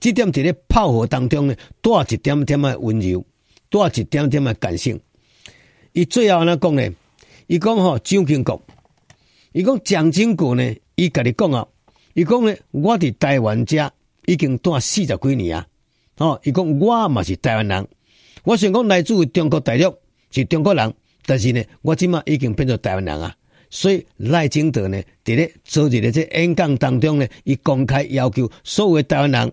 即點佇咧炮火當中咧，帶一點點嘅溫柔，帶一點點嘅感性。伊最後安尼、哦、講咧，伊講吼蔣經國，伊講蔣經國咧，伊甲你講啊，伊講咧，我佇台灣遮已經待四十幾年啊。吼伊講我嘛是台灣人，我想講來自於中國大陸是中國人，但是呢，我即馬已經變做台灣人啊。所以賴清德呢，佇咧昨日嘅這演講當中呢，伊公開要求所有的台灣人。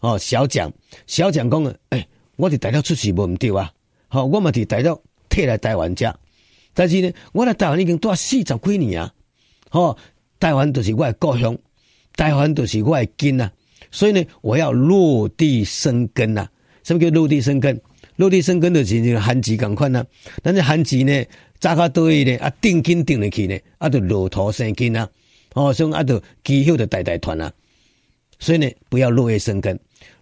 哦，小蔣，小蔣講誒，哎，我哋台灣出事冇唔對啊，好，我嘛係台表退來台灣食，但是呢，我嚟台灣已經住四十幾年啊，好，台灣就是我的故鄉，台灣就是我的根啊。所以呢，我要落地生根啊，什麼叫落地生根？落地生根就是像寒枝咁款啊，但是寒枝呢，扎卡多呢，啊，定根定入去呢，啊，就落土生根啊，好，所以啊，就枝葉就代代傳啊，所以呢，不要落葉生根。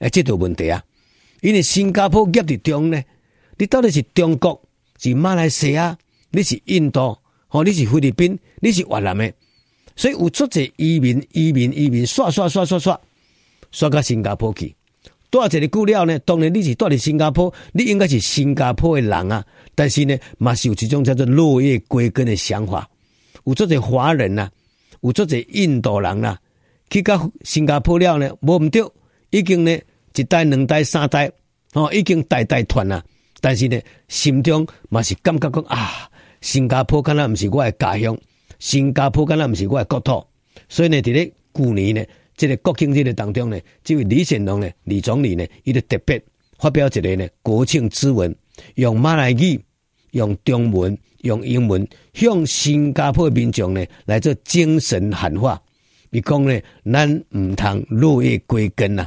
誒，即度問題啊，因為新加坡夾佇中呢，你到底是中國，是馬來西亞，你是印度，吼、哦，你是菲律賓，你是越南嘅，所以有足多移民，移民，移民，刷刷刷刷刷刷到新加坡去。住一日久了呢，當然你是住佇新加坡，你應該是新加坡嘅人啊。但是呢，嘛是有一種叫做落葉歸根的想法。有足多華人啊，有足多印度人啊，去到新加坡了呢，無毋對已經呢。一代、兩代、三代，哦，已經代代傳啦。但是呢，心中嘛是感覺講啊，新加坡敢若唔是我的家鄉，新加坡敢若唔是我的國土。所以呢，在咧舊年呢，這個國慶日的當中呢，這位李顯龍呢，李總理呢，伊就特別發表一個呢國慶致文，用馬來語、用中文、用英文向新加坡的民眾呢來做精神喊話，伊講呢，咱唔通落葉歸根呐。